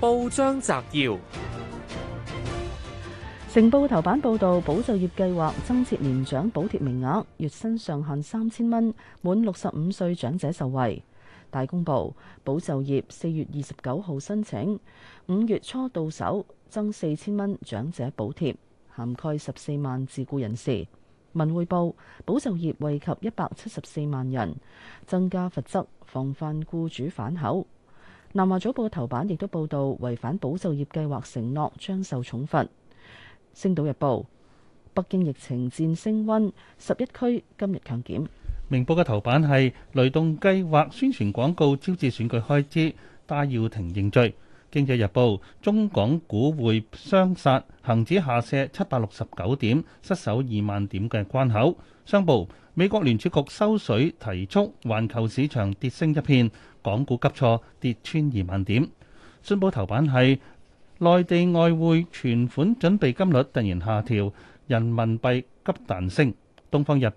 報章摘要：成報頭版報道，保就業計劃增設年長補貼名額，月薪上限三千蚊，滿六十五歲長者受惠。大公報：保就業四月二十九號申請，五月初到手，增四千蚊長者補貼，涵蓋十四萬自僱人士。文匯報：保就業惠及一百七十四萬人，增加罰則，防範僱主反口。南華早報頭版亦都報道，違反保就業計劃承諾將受重罰。星島日報：北京疫情漸升溫，十一區今日強檢。明報嘅頭版係雷動計劃宣傳廣告招致選舉開支，戴耀廷認罪。經濟日報：中港股匯雙殺，恒指下瀉七百六十九點，失守二萬點嘅關口。商報美國聯儲局收水提速，環球市場跌升一片，港股急挫跌穿二萬點。信報頭版係內地外匯存款準備金率突然下調，人民幣急彈升。《東方日報》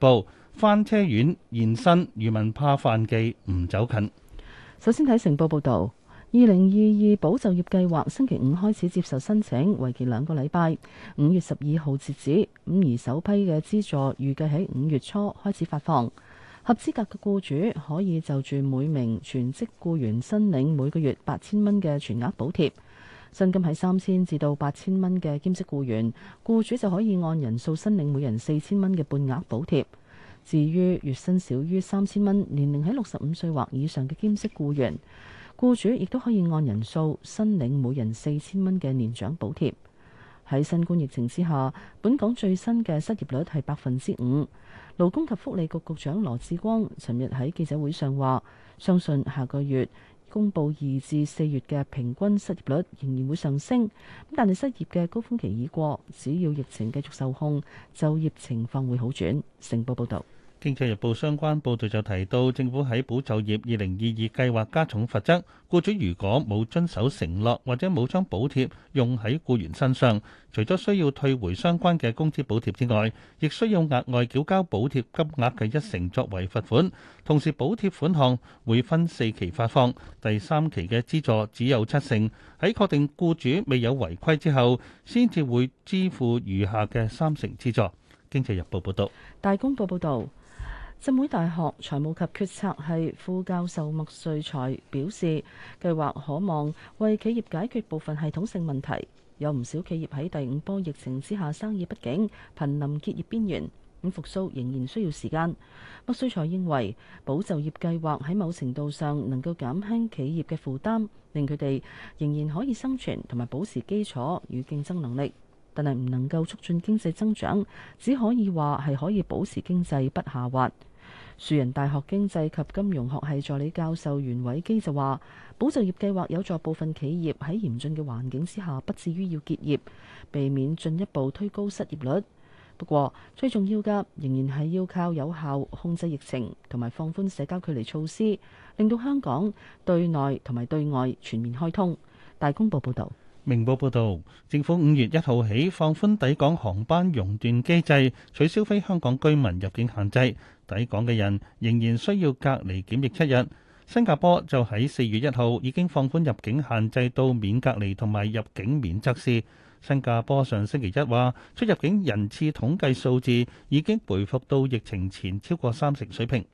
翻車丸現身，漁民怕犯忌唔走近。首先睇成報報導。二零二二保就業計劃星期五開始接受申請，為期兩個禮拜，五月十二號截止。五而首批嘅資助預計喺五月初開始發放。合資格嘅雇主可以就住每名全職僱員申領每個月八千蚊嘅全額補貼。薪金喺三千至到八千蚊嘅兼職僱員，雇主就可以按人數申領每人四千蚊嘅半額補貼。至於月薪少於三千蚊、年齡喺六十五歲或以上嘅兼職僱員，僱主亦都可以按人數申領每人四千蚊嘅年獎補貼。喺新冠疫情之下，本港最新嘅失業率係百分之五。勞工及福利局局長羅致光尋日喺記者會上話，相信下個月公布二至四月嘅平均失業率仍然會上升，但係失業嘅高峰期已過，只要疫情繼續受控，就業情況會好轉，成報報道。經濟日報相關報導就提到，政府喺保就業2022計劃加重罰則，僱主如果冇遵守承諾或者冇將補貼用喺僱員身上，除咗需要退回相關嘅工資補貼之外，亦需要額外繳交補貼金額嘅一成作為罰款。同時，補貼款項會分四期發放，第三期嘅資助只有七成，喺確定僱主未有違規之後，先至會支付餘下嘅三成資助。經濟日報報導，大公報報導。浸會大學財務及決策系副教授麥瑞才表示，計劃可望為企業解決部分系統性問題。有唔少企業喺第五波疫情之下生意不景，瀕臨結業邊緣。咁復甦仍然需要時間。麥瑞才認為，保就業計劃喺某程度上能夠減輕企業嘅負擔，令佢哋仍然可以生存同埋保持基礎與競爭能力，但係唔能夠促進經濟增長，只可以話係可以保持經濟不下滑。樹人大學經濟及金融學系助理教授袁偉基就話，保就業計劃有助部分企業喺嚴峻嘅環境之下，不至於要結業，避免進一步推高失業率。不過，最重要嘅仍然係要靠有效控制疫情同埋放寬社交距離措施，令到香港對內同埋對外全面開通。大公報報道：「明報報道，政府五月一號起放寬抵港航班熔斷機制，取消非香港居民入境限制。抵港嘅人仍然需要隔離檢疫七日。新加坡就喺四月一號已經放寬入境限制到免隔離同埋入境免測試，新加坡上星期一話出入境人次統計數字已經回復到疫情前超過三成水平。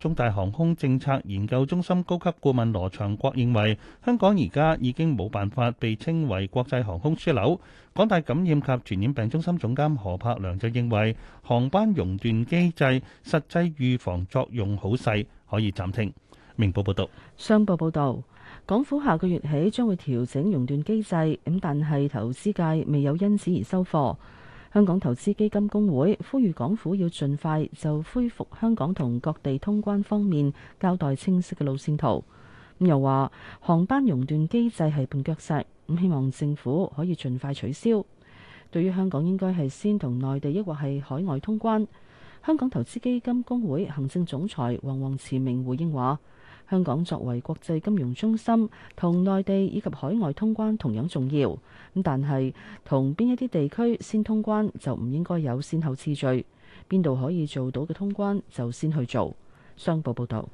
中大航空政策研究中心高級顧問羅祥國認為，香港而家已經冇辦法被稱為國際航空樞紐。港大感染及傳染病中心總監何柏良就認為航班熔斷機制實際預防作用好細，可以暫停。明報報道，商報報道，港府下個月起將會調整熔斷機制，咁但係投資界未有因此而收貨。香港投資基金公會呼籲港府要盡快就恢復香港同各地通關方面交代清晰嘅路線圖。咁又話航班熔斷機制係絆腳石，咁希望政府可以盡快取消。對於香港應該係先同內地抑或係海外通關，香港投資基金公會行政總裁黃王慈明回應話。香港作為國際金融中心，同內地以及海外通關同樣重要。咁但係同邊一啲地區先通關就唔應該有先後次序，邊度可以做到嘅通關就先去做。商報報導，《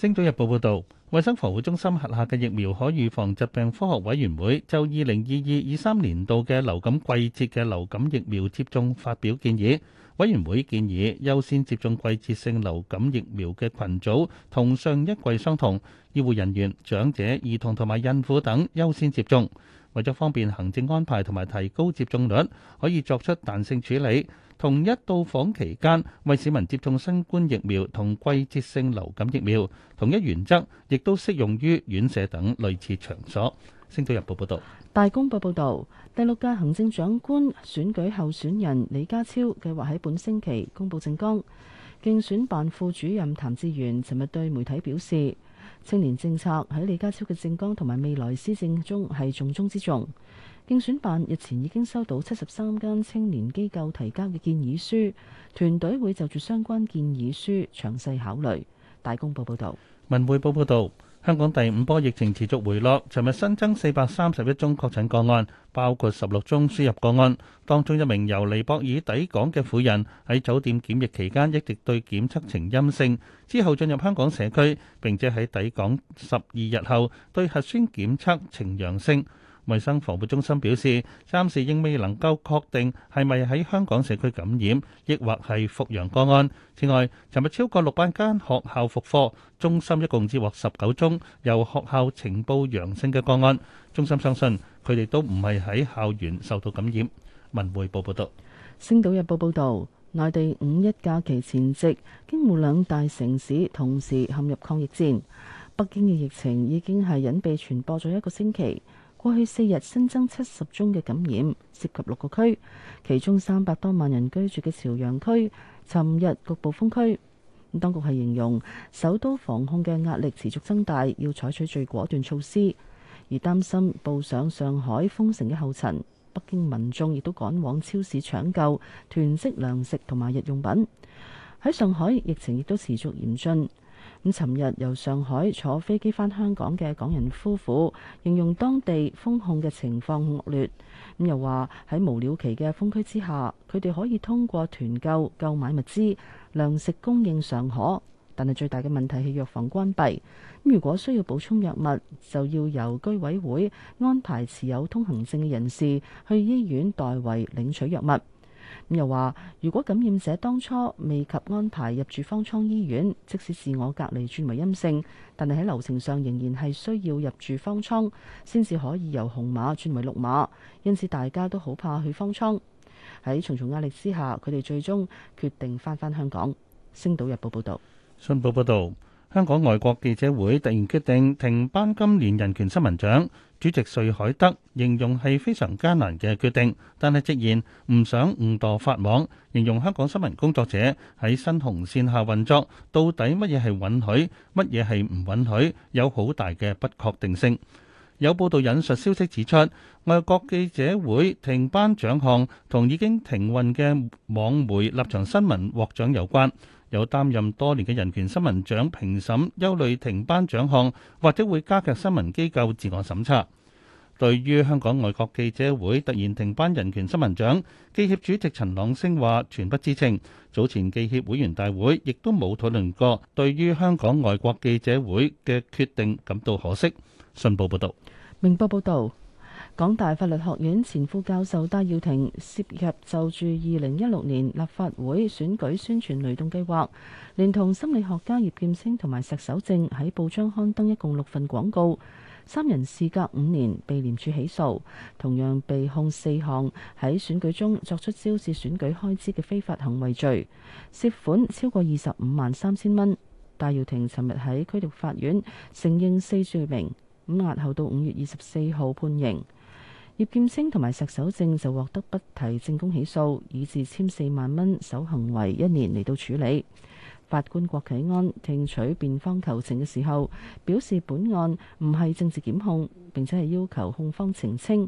星島日報》報道，衞生防護中心轄下嘅疫苗可預防疾病科學委員會就二零二二二三年度嘅流感季節嘅流感疫苗接種發表建議。委員會建議優先接種季節性流感疫苗嘅群組同上一季相同，醫護人員、長者、兒童同埋孕婦等優先接種。為咗方便行政安排同埋提高接種率，可以作出彈性處理。同一到訪期間，為市民接種新冠疫苗同季節性流感疫苗，同一原則亦都適用於院舍等類似場所。星島日報報道，大公報報道，第六屆行政長官選舉候選人李家超計劃喺本星期公布政綱。競選辦副主任譚志源尋日對媒體表示，青年政策喺李家超嘅政綱同埋未來施政中係重中之重。競選辦日前已經收到七十三間青年機構提交嘅建議書，團隊會就住相關建議書詳，詳細考慮。大公報報道，文匯報報道。香港第五波疫情持續回落，尋日新增四百三十一宗確診個案，包括十六宗輸入個案。當中一名由尼泊爾抵港嘅婦人喺酒店檢疫期間一直對檢測呈陰性，之後進入香港社區，並且喺抵港十二日後對核酸檢測呈陽性。衛生防護中心表示，暫時仍未能夠確定係咪喺香港社區感染，抑或係復陽個案。此外，尋日超過六百間學校復課，中心一共接獲十九宗由學校呈報陽性嘅個案。中心相信佢哋都唔係喺校園受到感染。文匯報報道，《星島日報》報道，內地五一假期前夕，京滬兩大城市同時陷入抗疫戰。北京嘅疫情已經係隱秘傳播咗一個星期。過去四日新增七十宗嘅感染，涉及六個區，其中三百多萬人居住嘅朝陽區，尋日局部封區。咁當局係形容首都防控嘅壓力持續增大，要採取最果斷措施，而擔心步上上海封城嘅後塵。北京民眾亦都趕往超市搶救，囤積糧食同埋日用品。喺上海，疫情亦都持續嚴峻。咁，尋日由上海坐飛機返香港嘅港人夫婦形容當地封控嘅情況惡劣，咁又話喺無了期嘅封區之下，佢哋可以通過團購購買物資，糧食供應尚可，但係最大嘅問題係藥房關閉。如果需要補充藥物，就要由居委會安排持有通行證嘅人士去醫院代為領取藥物。咁又話，如果感染者當初未及安排入住方艙醫院，即使自我隔離轉為陰性，但係喺流程上仍然係需要入住方艙，先至可以由紅碼轉為綠碼。因此大家都好怕去方艙。喺重重壓力之下，佢哋最終決定翻返香港。星島日報報道：「信報報道，香港外國記者會突然決定停辦今年人權新聞獎。主席瑞海德形容係非常艱難嘅決定，但係直言唔想誤墮法網，形容香港新聞工作者喺新紅線下運作，到底乜嘢係允許，乜嘢係唔允許，有好大嘅不確定性。有報道引述消息指出，外國記者會停頒獎項同已經停運嘅網媒立場新聞獲獎有關，有擔任多年嘅人權新聞獎評審憂慮停頒獎項或者會加強新聞機構自我審查。對於香港外國記者會突然停辦人權新聞獎，記協主席陳朗昇話全不知情。早前記協會員大會亦都冇討論過。對於香港外國記者會嘅決定感到可惜。信報報導，明報報導，港大法律學院前副教授戴耀廷涉入就住二零一六年立法會選舉宣傳雷動計劃，連同心理學家葉劍清同埋石守正喺報章刊登一共六份廣告。三人事隔五年被廉署起訴，同樣被控四項喺選舉中作出招致選舉開支嘅非法行為罪，涉款超過二十五萬三千蚊。戴耀廷尋日喺區域法院承認四罪名，押後到五月二十四號判刑。葉劍清同埋石守正就獲得不提證供起訴，以自簽四萬蚊守行為一年嚟到處理。法官郭啟安聽取辯方求情嘅時候，表示本案唔係政治檢控，並且係要求控方澄清。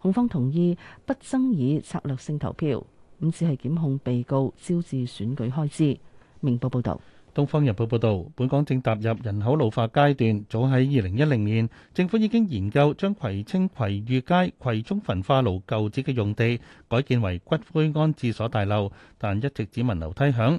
控方同意不爭議策略性投票，咁只係檢控被告招致選舉開支。明報報道，東方日報報道，本港正踏入人口老化階段，早喺二零一零年，政府已經研究將葵青葵裕街葵涌焚化爐舊址嘅用地改建為骨灰安置所大樓，但一直只聞樓梯響。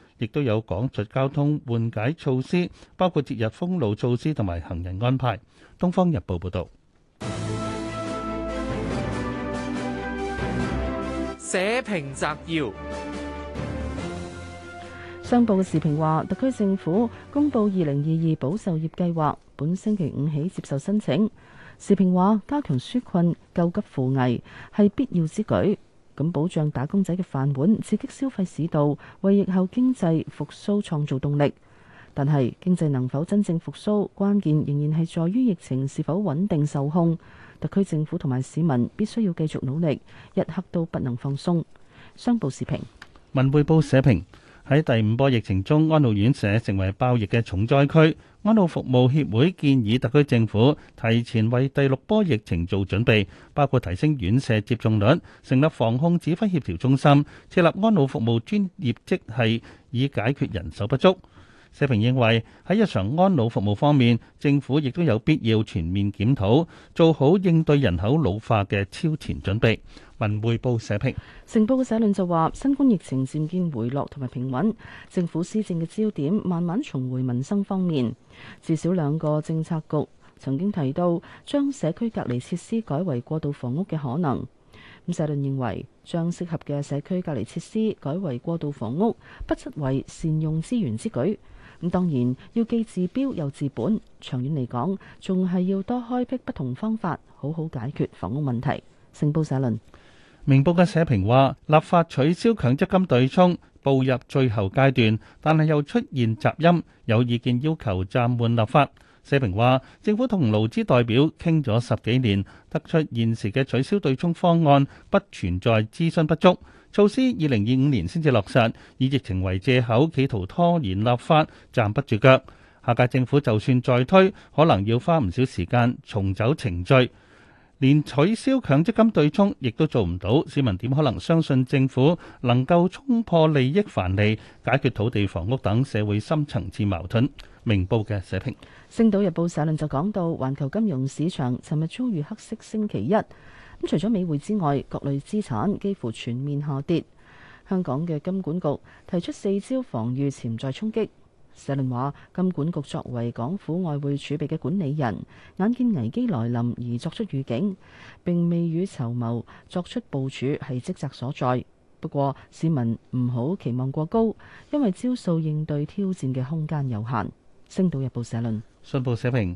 亦都有講述交通緩解措施，包括節日封路措施同埋行人安排。《東方日報》報導。社評摘要。商報嘅時評話，特區政府公布二零二二保就業計劃，本星期五起接受申請。時評話，加強紓困、救急扶危係必要之舉。咁保障打工仔嘅飯碗，刺激消費市道，為疫後經濟復甦創造動力。但係經濟能否真正復甦，關鍵仍然係在於疫情是否穩定受控。特區政府同埋市民必須要繼續努力，一刻都不能放鬆。商報時評，文匯報社評。喺第五波疫情中，安老院舍成為爆疫嘅重災區，安老服務協會建議特區政府提前為第六波疫情做準備，包括提升院舍接種率、成立防控指揮協調中心、設立安老服務專業職系，以解決人手不足。社評認為喺日常安老服務方面，政府亦都有必要全面檢討，做好應對人口老化嘅超前準備。文匯報社評，成報社論就話：新冠疫情漸見回落同埋平穩，政府施政嘅焦點慢慢重回民生方面。至少兩個政策局曾經提到將社區隔離設施改為過渡房屋嘅可能。咁社論認為將適合嘅社區隔離設施改為過渡房屋，不失為善用資源之舉。咁當然要既治標又治本，長遠嚟講，仲係要多開闢不同方法，好好解決房屋問題。星報社論，明報嘅社評話，立法取消強積金對沖步入最後階段，但係又出現雜音，有意見要求暫緩立法。社評話，政府同勞資代表傾咗十幾年，得出現時嘅取消對沖方案不存在諮詢不足。措施二零二五年先至落實，以疫情為借口企圖拖延立法，站不住腳，下屆政府就算再推，可能要花唔少時間重走程序，連取消強積金對沖亦都做唔到。市民點可能相信政府能夠衝破利益藩籬，解決土地、房屋等社會深層次矛盾？明報嘅社評。星島日報社論就講到，環球金融市場尋日遭遇黑色星期一。咁除咗美匯之外，各類資產幾乎全面下跌。香港嘅金管局提出四招防禦潛在衝擊。社論話，金管局作為港府外匯儲備嘅管理人，眼見危機來臨而作出預警，並未雨綢繆作出部署係職責所在。不過市民唔好期望過高，因為招數應對挑戰嘅空間有限。星島日報社論，信報社評。